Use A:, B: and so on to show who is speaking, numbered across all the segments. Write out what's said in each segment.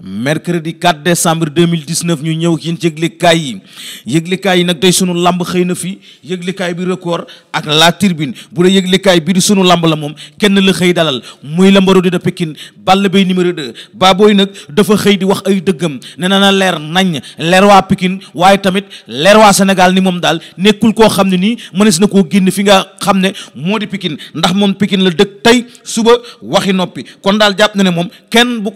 A: mercredi 4 décembre 2019 ñu ñëw yéen yëglikaay yi yëglikaay yi nag tey sunu lamb xëy na fi yëglikaay bi record ak la tribune bu dee yëglikaay bi di sunu lamb la moom kenn la xëy dalal muy la mbaru di da Pikine Balla Beye numéro 2 baabooy nag dafa xëy di wax ay dëggam ne na na leer nañ leer waa Pikine waaye tamit leer waa senegal ni moom daal nekkul koo xam ne nii si na koo génn fi nga xam ne moo di Pikine ndax moom Pikine la dëkk tey suba waxi noppi kon daal jàpp ne moom kenn bu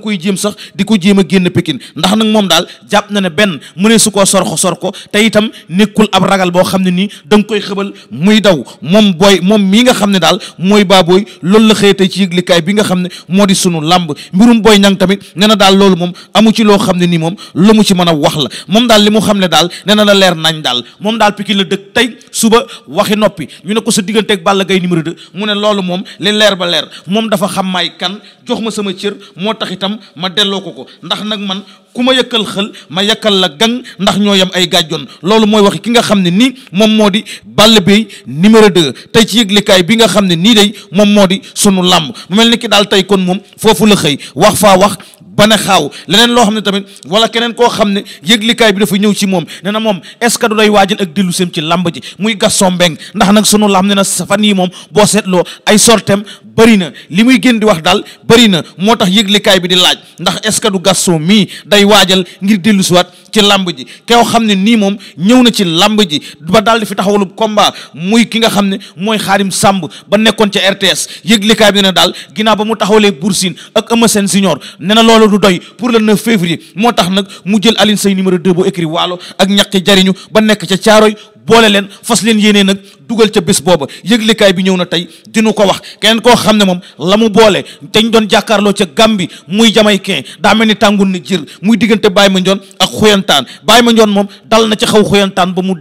A: mu koy jéem sax di ko jéem a génn Pikine ndax nag moom daal jàpp na ne benn mu ne su koo sorko sorko te itam nekkul ab ragal boo xam ne nii danga koy xëbal muy daw moom booy moom mii nga xam ne daal mooy baabooy loolu la xëy tey ci yëglikaay bi nga xam ne moo di sunu làmb mbirum booy ñang tamit nee na daal loolu moom amu ci loo xam ne nii moom lu mu ci mën a wax la moom daal li mu xam ne daal nee na la leer nañ daal moom daal Pikine la dëkk tey suba waxi noppi ñu ne ko sa diggante ak Balla Gaye numéro 2 mu ne loolu moom li leer ba leer moom dafa xam maay kan jox ma sama cër moo tax itam nangam ma delloo ko ko ndax nag man ku ma yëkkal xël ma yëkkal la gang ndax ñoo yam ay gàjjoon loolu mooy wax ki nga xam ne nii moom moo di Balla Beye numéro 2 tey ci yëglikaay bi nga xam ne nii day moom moo di sunu làmb mu mel ni ki daal tey kon moom foofu la xëy wax faa wax bana xaw leneen loo xam ne tamit wala keneen koo xam ne yëglikaay bi dafa ñëw ci moom ne na moom est ce que du day waajal ak dellu seem ci làmb ji muy Gaston mbeng ndax nag sunu lam ne na fan yi moom boo seetloo ay sortem bëri na li muy gën di wax dal bëri na moo tax yëglikaay bi di laaj ndax est ce que du Gaston mii day waajal ngir dellu siwaat ci làmb ji kew xam ne nii moom ñëw na ci làmb ji ba daal di fi taxawalu combat muy ki nga xam ne mooy xaarim sàmb ba nekkoon ca RTS yëglikaay bi ne daal ginnaaw ba mu taxawalee Boursine ak Eumeu Sène Junior ne na loolu du doy pour la 9 février moo tax nag mu jël Alioune Seye numéro 2 bu écrit waalo ak ñaqi jariñu ba nekk ca Caaroy boole leen fas leen yéenee nag dugal ca bés booba yëglikaay bi ñëw na tey dina ko wax kenn koo xam ne moom la mu boole dañ doon jàkkaarloo ca Gàmbi muy Jamaïcain daa mel ni tàngun na jir muy diggante Baye Mandione ak Xuyantaan Baye Mandione moom dal na ca xaw Xuyantaan ba mu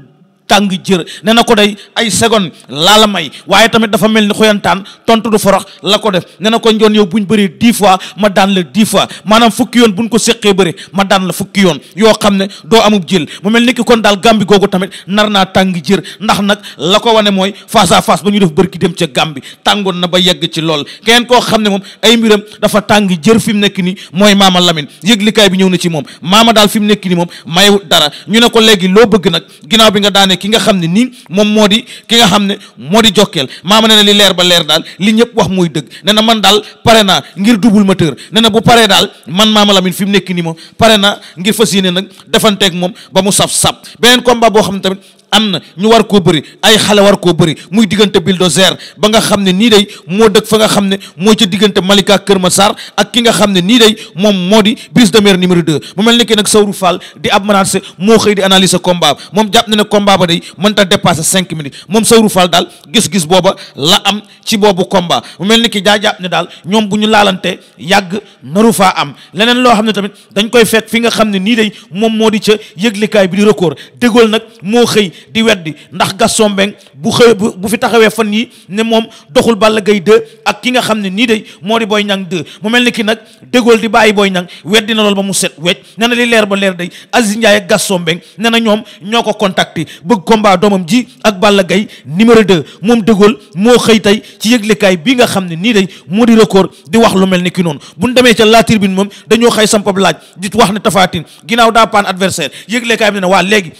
A: tàng jër nee na ko day ay seconde laa la may waaye tamit dafa mel ni xoyantaan tontu du forox la ko def nee na ko njoon yow buñ bëree dix fois ma daan la dix fois maanaam fukki yoon buñ ko séqee bëri ma daan la fukki yoon yoo xam ne doo amub jël mu mel ni kon daal gàmbi googu tamit nar naa tàng jër ndax nag la ko wane mooy face à face ba ñu def bërki dem ca gàmbi tàngoon na ba yegg ci lool keneen koo xam ne moom ay mbiram dafa tàng jër fi mu nekk nii mooy maama Lamine yëglikaay bi ñëw na ci moom maama daal fi mu nekk nii moom mayewut dara ñu ne ko léegi loo bëgg nag ginnaaw bi nga daanee ki nga xam ne nii moom moo di ki nga xam ne moo di jokkeel maama nee na li leer ba leer daal li ñëpp wax mooy dëgg nee na man daal pare naa ngir double moteur ne na bu paree daal man maama Lamine fi mu nekk nii moom pare na ngir fas yéene nag defanteek moom ba mu saf sap beneen combat boo xam ne tamit am na ñu war koo bëri ay xale war koo bëri muy diggante bulldozer ba nga xam ne nii day moo dëkk fa nga xam ne moo ca diggante Malika Kër ma Massar ak ki nga xam ne nii day moom moo di brise de mer numéro deux mu mel ni nag Sawru Fall di ab menacé moo xëy di analyser combat moom jàpp na ne combat ba day mën ta dépasser cinq minutes moom Sawru Fall daal gis-gis booba la am ci boobu combat mu mel ni ki daa jàpp ne daal ñoom bu ñu laalante yàgg naru faa am leneen loo xam ne tamit dañ koy fekk fi nga xam ne nii day moom moo di ca yëglikaay bi di record déggool nag moo xëy di weddi ndax Gaston Mbengue bu xëy bu fi taxawee fan yi ne moom doxul Balla gay 2 ak ki nga xam ne nii day moo di booy Niang 2 mu mel ni ki nag dégool di bàyyi booy Niang weddi na lool ba mu set wecc nee na li leer ba leer day Aziz Ndiaye ak Gaston Mbengue nee na ñoom ñoo ko contacté bëgg combat doomam ji ak Balla gay numéro 2 moom dégool moo xëy tey ci yëglekaay bi nga xam ne nii day moo di record di wax lu mel ni ki noonu bu nu demee ca la tribune moom dañoo xëy sampab laaj di wax ne Tapha Tine ginnaaw daa paan adversaire yëglekaay bi waa léegi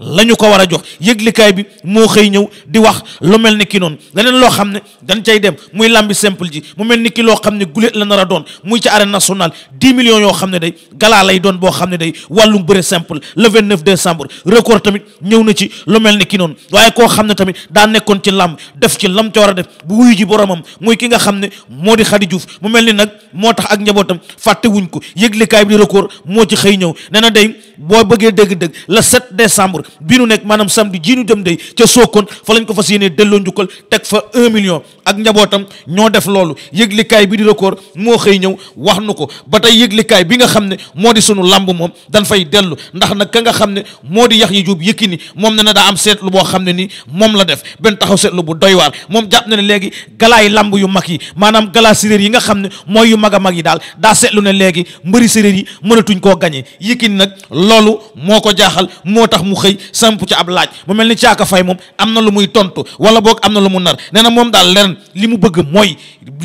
A: la ñu ko war a jox yëglikaay bi moo xëy ñëw di wax lu mel ni ki noonu leneen loo xam ne dañ cay dem muy làmbi simple ji mu mel ni ki loo xam ne guléet la nar a doon muy ci arène nationale dix millions yoo xam ne day galaa lay doon boo xam ne day wàllum bëre simple le vingt neuf décembre record tamit ñëw na ci lu mel ni ki noonu waaye koo xam ne tamit daa nekkoon ci làmb def ci lam ca war a def bu wuyu ji boromam muy ki nga xam ne moo di Xadi Juuf mu mel ni nag moo tax ak njabootam fàtte ko yëglikaay bi di moo ci xëy ñëw nee na boo bëggee dëgg-dëgg le 7 décembre bi nu nekk maanaam samedi ji nu dem day ca Sokone fa lañ ko fas yéenee delloo njukkal teg fa un million ak njabootam ñoo def loolu yëglikaay bi di record moo xëy ñëw wax nu ko ba tey yëglikaay bi nga xam ne moo di sunu làmb moom dan fay dellu ndax nag ka nga xam ne moo di yax yi jub yëkki ni moom ne na daa am seetlu boo xam ne nii moom la def benn taxaw seetlu bu doy waar moom jàpp na ne léegi galaay làmb yu mag yi maanaam galaa séréer yi nga xam ne mooy yu mag a mag yi daal daa seetlu ne léegi mbëri séréer yi mënatuñ koo gañe loolu moo ko jaaxal moo tax mu xëy samp ci ab laaj mu mel ni caaka fay moom am na lu muy tontu wala boog am na lu mu nar nee na moom daal lenn li mu bëgg mooy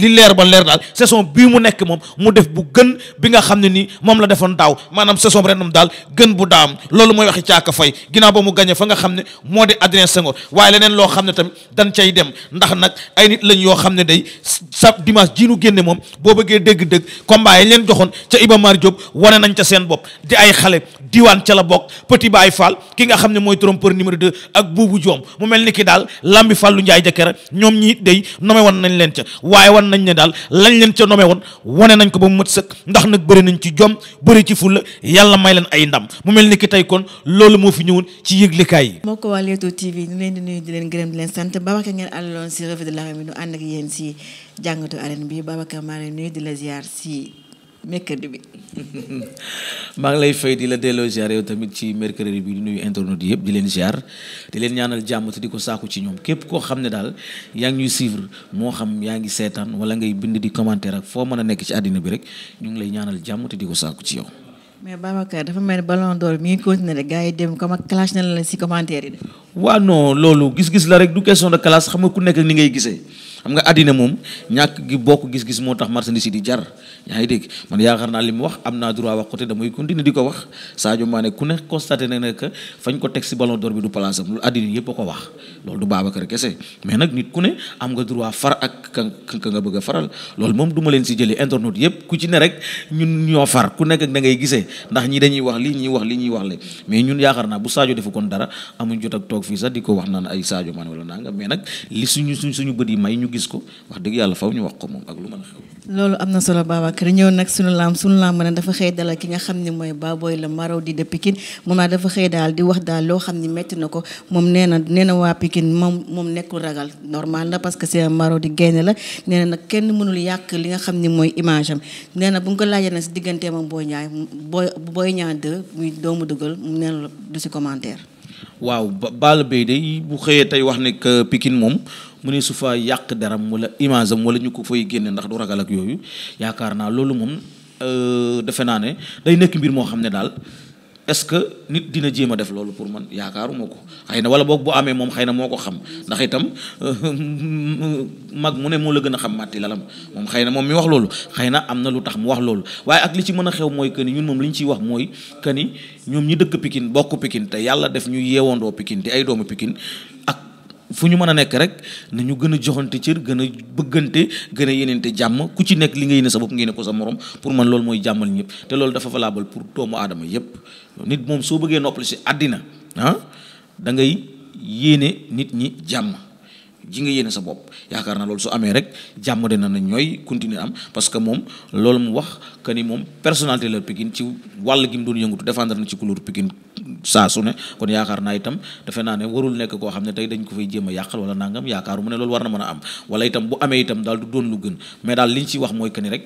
A: li leer ba leer daal saison bii mu nekk moom mu def bu gën bi nga xam ne nii moom la defoon daaw maanaam saison ren moom daal gën bu daam loolu mooy waxi caaka fay ginnaaw ba mu gañe fa nga xam ne moo di Adrien Senghor waaye leneen loo xam ne tamit dañ cay dem ndax nag ay nit lañ yoo xam ne day sa dimanche ji nu génne moom boo bëggee dégg-dégg combat leen joxoon ca Iba Mar wane nañ ca seen bopp di ay xale diwaan ca la bokk Petit Baye Fall ki nga xam ne mooy trompeur numéro de ak buubu joom mu mel ni ki daal lambi Fallou Ndiaye jëkkër ñoom ñi day nome woon nañ leen ca waaye wan nañ ne daal lañ leen ca nome woon wane nañ ko ba mu mët sëkk ndax nag bëri nañ ci jom bëri ci
B: fulla yàlla may leen ay ndam mu mel ni ki tey
A: kon loolu moo fi ñëwoon ci yëglekaay yi.
B: moo ko waa Leewtoo TV ñu leen di nuyu di leen gërëm leen sant Babacar ngeen àndaloon si revue si jàngatu arène bi Babacar maa leen nuyu di la ziar si mercredi bi.
A: maa ngi lay fay di la delloo ziar yow tamit ci mercredi bi di nuy internet yëpp di leen ziar di leen ñaanal jàmm te di ko saaku ci ñoom képp koo xam ne daal yaa ngi ñuy suivre moo xam yaa ngi seetaan wala ngay bind di commentaire ak foo mën a nekk ci àddina bi rek ñu ngi lay ñaanal jàmm te di ko saaku ci yow.
B: mais Babacar dafa mel ni ballon d'or mi ngi continué de gars yi dem comme ak clash na la ci commentaire yi de.
A: waaw non loolu gis-gis la rek du question de classe xam nga ku gisee. xam nga àddina moom ñàkk gi bokk gis-gis moo tax marchandise di jar yaa ngi dégg man yaakaar naa li mu wax am naa droit wax ko te damay ko wax ku ne na ne que fañ ko a nga droit far faral loolu moom du ma leen si jëlee internet yëpp ku ci ne rek ñun ñoo far ñi dañuy wax lii ñuy ñuy wax le mais ñun yaakaar naa bu Sadio defu kon dara amuñ jot ak toog fii sax di ko wax naan ay Sadio Mané wala nanga mais nag li suñu suñu bët yi may gis ko wax dëgg yàlla faw ñu wax ko moom ak a xew.
B: loolu am na solo Babacar ñëw nag sunu laam sunu laam ne dafa xëy dalal ki nga xam ne mooy Baboy la Marodi de Pikine moom naa dafa xëy daal di wax daal loo xam ne métti na ko moom nee na waa Pikine moom moom li nga xam ne mooy image am nee na bu nga ko na si digganteem ak Boy Niang Boy Boy Niang 2 muy doomu dugal mu nee na du si commentaire.
A: waaw Balla Beye day bu xëyee tey wax ne que moom. mu ne su yàq deram wala image am wala ñu ko fay génne ndax du ragal ak yooyu yaakaar naa loolu moom euh, defe naa ne day nekk mbir moo xam ne daal est-ce que nit dina jéem a def loolu pour man yaakaaruma ko xëy na wala boog bu amee moom xëy na moo ko xam ndax itam mag mu ne moo gën xam màtti lalam moom xëy na moom mi wax loolu xëy na am na lu tax mu wax loolu waaye ak li ci mën a xew mooy que ni ñun moom li ñu ciy wax mooy que ni ñoom ñi dëkk pikin bokk pikin te yàlla def ñu yeewandoo Pikine di ay doomu Pikine fu ñu mën a nekk rek ñu gën a joxante cër gën a bëggante gën a yenente jàmm ku ci nekk li nga yéene sa bopp nga yéene ko sa morom pour man loolu mooy jàmmal ñëpp te loolu dafa valable pour doomu aadama yépp nit moom soo bëggee noppal si àddina ah da ngay yéene nit ñi jàmm ji nga yéene sa bopp yaakaar naa lool su amee rek jàmm dina na ñooy continuer am parce que moom loolu mu wax que ni moom personnalité la Pikine ci wàll gi mu doon yëngatu défendre na ci couleur Pikine saa su ne kon yaakaar naa itam defe naa ne warul nekk koo xam ne tey dañ ko fay jéem a yàqal wala nangam yaakaaru mu ne loolu war na mën a am wala itam bu amee itam daal du doon lu gën mais daal liñ ci wax mooy que ni rek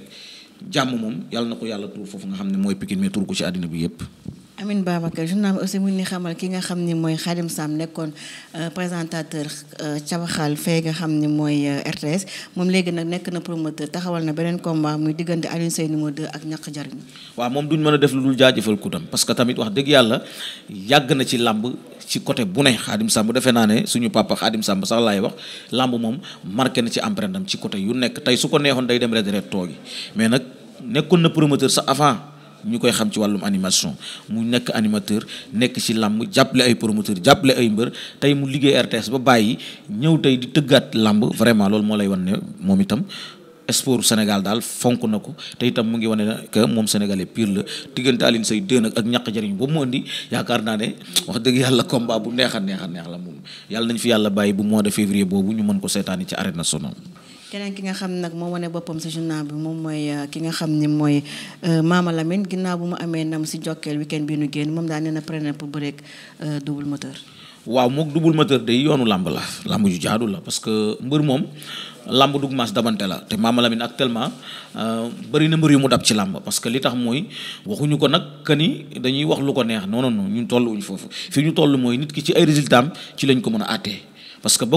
A: jàmm moom yàlla na ko yàlla tuur foofu nga xam ne mooy Pikine mais tuur ko ci àddina
B: Amin Babacar journal bi aussi mu ni xamal ki nga xam ni mooy Khadim Sam nekkoon euh, présentateur euh, cabaxal fee nga xam ni mooy euh, RTS moom léegi nag nekk na promoteur taxawal na beneen combat muy diggante Alioune Seye ak ñaq jariñ
A: waaw moom duñ mën a def lu dul jaajëfal ku tam parce que tamit wax dëgg yàlla yàgg na ci làmb ci côté bu ne Khadim bu defee naa ne suñu papa Khadim Samb sax laay wax làmb moom marqué na ci empreinte am ci côté yu nekk tey su ko neexoon day dem retraite toogi mais nag nekkoon na avant ñu koy xam ci wàllum animation mu nekk animateur nekk ci làmb jàppale ay promoteur jàppale ay mbër tey mu liggéey RTS ba bàyyi ñëw tey di tëggaat làmb vraiment loolu moo lay wan ne moom itam sport Sénégal daal fonk na ko te itam mu ngi wane ne moom sénégalais piir la diggante Alioune Seye dén ak ñàkk jëriñ boobu mu indi yaakaar naa ne wax dëgg yàlla combat bu neex a neex a neex la moom yàlla nañ fi yàlla bàyyi bu mois de février boobu ñu mën ko seetaani ci arène nationale
B: keneen ki nga xam nag moo wane boppam si journal bi moom mooy euh, ki nga xam ni mooy euh, Mama Lamine ginnaaw bu ma amee ndam si jokkeel weekend bii nu génn moom daal nee na preneur pour bëreek euh, double moteur.
A: waaw moog double moteur day yoonu làmb la làmb ju jaadu la parce que mbër moom làmb dug maas dabante la te Mama Lamine actuellement bëri na mbër yu mu dab ci làmb parce que li tax mooy waxuñu ko nag que ni dañuy wax lu ko neex non non non ñun tolluwuñ foofu fi ñu toll mooy nit ki ci ay résultats ci lañ ko mën a àttee. parce que ba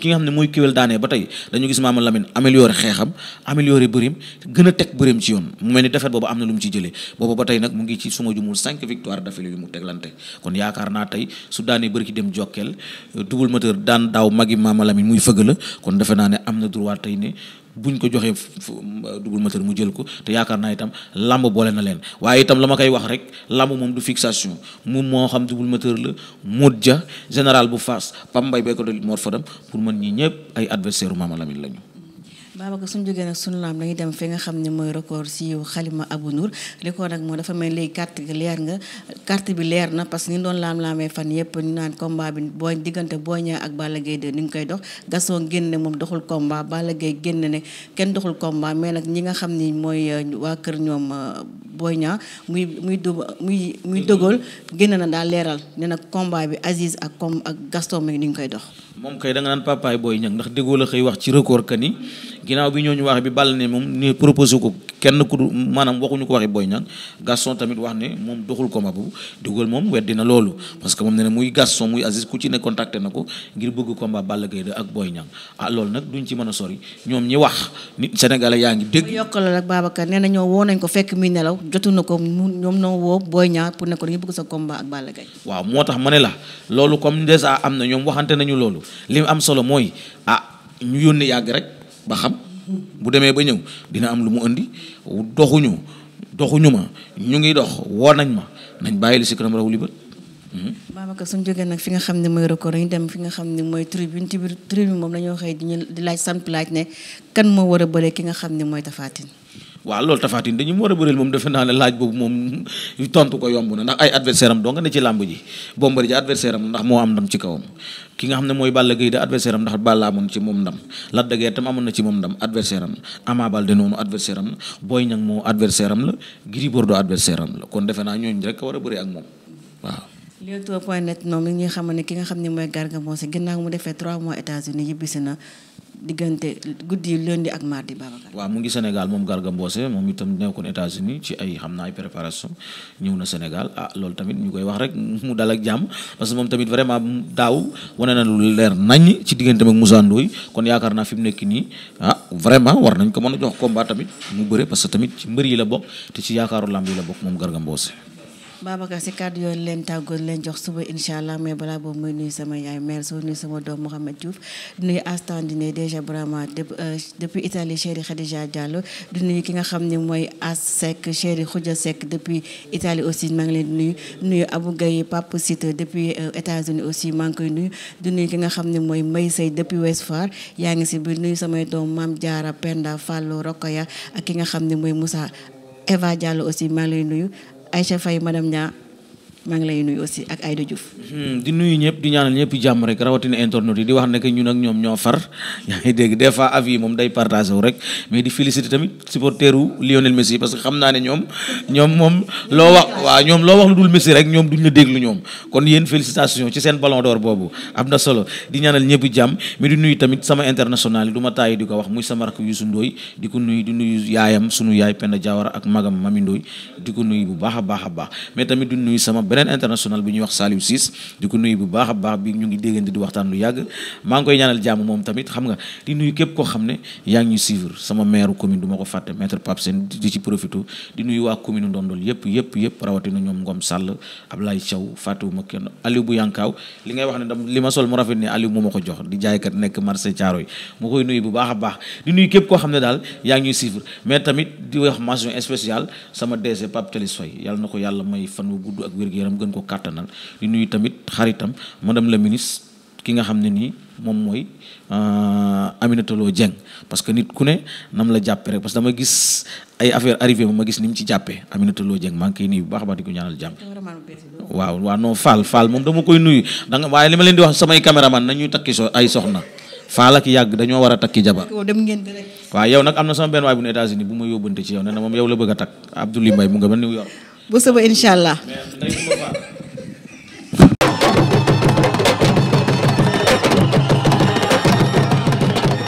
A: ki nga xam ne mooy kiwel daanee ba tey dañu gis Maama Lamine xeexam amélioré bërim gën a teg bërim ci yoon mu mel ni defet boobu am na lu mu ci jëlee boobu ba tey nag mu ngi ci suma jumul cinq victoire d'affilée yu mu teglante kon yaakaar naa tey su daanee bëri ki dem jokkeel double moteur daan daaw magi Maama Lamine muy fëgg la kon defe naa ne am na droit tey ne buñ ko joxee double moteur mu jël ko te yaakaar naa itam lamb boole na leen waaye itam la ma koy wax rek lamb moom du fixation moom moo xam double moteur la Mod ja général bu Fass Pam Mbaye bee ko doon Mor pour mën ñi ñëpp ay adversaire u Mama Lamine lañu
B: Babacar suñu jógee nag suñu laam dañuy dem fi nga xam ne mooy record si xalima Abou Nour record nag moo dafa may léegi carte gi leer nga carte bi leer na parce que ñu doon laam-laamee fan yëpp ñu naan combat bi booy diggante Boy Niang ak Balla ni ñu koy dox Gaston génn ne moom doxul combat Balla Gaye génn ne kenn doxul combat mais nag ñi nga xam ni mooy euh, waa kër ñoom euh, Boy Niang muy muy du muy muy dëggool génn na daal leeral ne nag combat bi Aziz ak com ak Gaston mi ni ñu koy dox
A: moom kay da nga naan papaay Boy Niang ndax déggoo la xëy wax ci record ka ni ginnaaw bi ñooñu wax bi bàll ne moom ni proposé ko kenn ku maanaam waxuñu ko waxi Boy Niang Gaston tamit wax ne moom doxul combat boobu dugal moom weddi na loolu parce que moom ne ne muy Gaston muy Aziz ku ci ne contacté na ko ngir bëgg combat Balla Gaye 2 ak Boy Niang ah, loolu nag duñ ci mën a sori ñoom ñi wax nit sénégalais yaa ngi dégg
B: yokkalool ak Babacar nee na woo nañ ko fekk nelaw jotu na ko ñoom noo woo Boy Niang pour ne ko sa combat ak Balla Gaye
A: moo tax ma ne la loolu comme déjà am na ñoom waxante nañu loolu lim am solo mooy a ah, ñu yónni yàgg rek ba xam bu demee ba ñëw dina am lu mu indi doxuñu doxuñu ma ñu ngi dox woo nañ ma nañ bàyyi li si kanam raw li bët hmm?
B: Babacar suñ jógee nag fi nga xam ne mooy record dañu dem fi nga xam ne mooy tribune ci biir tribune moom dañoo xëy di ñu di laaj samp laaj ne kan moo war a bëree ki nga xam ne mooy Tapha Tine
A: waaw loolu Tapha Tine dañu war a bëreel moom defe naa ne laaj boobu moom tontu ko yomb na ndax ay adversaire am doo nga ne ci làmb ji Bombardier adversaire am ndax moo am ndam ci kawam ki nga xam ne mooy Balla Gaye da ndax Balla amoon ci moom ndam Lac de tam amoon na ci moom ndam adversaire am Ama Baldé noonu adversaire la Boy Niang moo adversaire la Gris Bordeaux la kon defe naa ñooñu rek war a bëri ak moom waaw.
B: Leewtoo point net moom mi ñuy xamal ki nga xam ne mooy Garga Mbossé mu defee 3 mois États-Unis ñibbisi na. diggante guddi lundi ak mardi Babacar.
A: waaw mu ngi Sénégal moom Garga Mbossé moom itam nekkoon États-Unis ci ay xam naa ay préparation ñëw na Sénégal ah loolu tamit ñu koy wax rek mu dal ak jàmm parce que moom tamit vraiment daaw wane na lu leer nañ ci diggante ak Moussa Ndoye kon yaakaar naa fi mu nekk nii ah vraiment war nañ ko mën a jox combat tamit mu bëre parce que tamit ci mbër yi la bokk te ci yaakaaru lamb yi la bokk moom Garga Mbossé.
B: Babacar si kàddu yoon leen tàggoon leen jox suba incha allah mais balaa boobu muy nuyu sama yaay mère soo nuyu sama doom Mouhamed Diouf di nuyu Astandine déjà Brahma euh, depuis Italie chéri Khadija Diallo di nuyu ki nga xam ne mooy As Seck chéri Khoudia depuis Italie aussi maa leen di nuyu nuyu Abou Gaye Pape Site depuis euh, États-Unis aussi maa ngi koy nuyu di ki nga xam ne mooy May Sey depuis West Far yaa ngi si biir nuyu samay doom Mame Diarra Penda Fallo Rokhaya ak ki nga xam ne mooy Moussa Eva Diallo aussi maa lay nuyu Aïcha Faye madame Nia maa ngi lay nuyu aussi ak Aïda Diouf.
A: Hmm, di nuyu ñëpp di ñaanal ñëpp jàmm rek rawatina internet yi di wax ne ñun ak ñoom ñoo far yaa ngi dégg des fois avis yi moom day partagé wu rek mais di féliciter tamit supporteru Lionel Messi parce que xam naa ne ñoom ñoom moom loo wax waaw ñoom loo wax lu dul Messi rek ñoom duñ la déglu ñoom kon yéen félicitations ci seen ballon d'or boobu am na solo di ñaanal ñëpp jàmm mi di nuyu tamit sama international yi du ma tàyyi di ko wax muy sama rakk Youssou Ndoye di ko nuyu di nuyu yaayam sunu yaay Penda Diawara ak magam Mami Ndoye di ko nuyu bu baax a baax a baax beneen international bu ñuy wax Saliou Ciss di ko nuyu bu baax a baax bi ñu ngi déggante di waxtaan lu yàgg maa ngi koy nuyu bu baax a baax di nuyu képp koo xam ne daal yaa ñuy suivre mais tamit di wax mention spéciale sama DG Pape Télis Faye yàlla na ko yàlla may fan gudd ak wér yaram gën ko kàttanal di nuyu tamit xaritam madame la ministre ki nga xam ne nii moom mooy euh, Aminata Lo Dieng parce que nit ku ne nam la jàppe rek parce que dama gis ay affaire arrivé ma gis ni mu ci jàppee Aminata Lo Dieng maa ngi koy nuyu bu baax a baax di ko ñaanal jàmm. waaw waaw non Fall Fall moom dama koy nuyu da nga waaye li ma leen di wax samay caméraman nañu takki so ay soxna Fall yàgg dañoo war a takki jabar.
B: waaw
A: yow nag am na sama benn waay bu ne États-Unis bu ma yóbbante ci yow ne moom yow la bëgg a takk nga ba New York.
B: bu suba incha allah.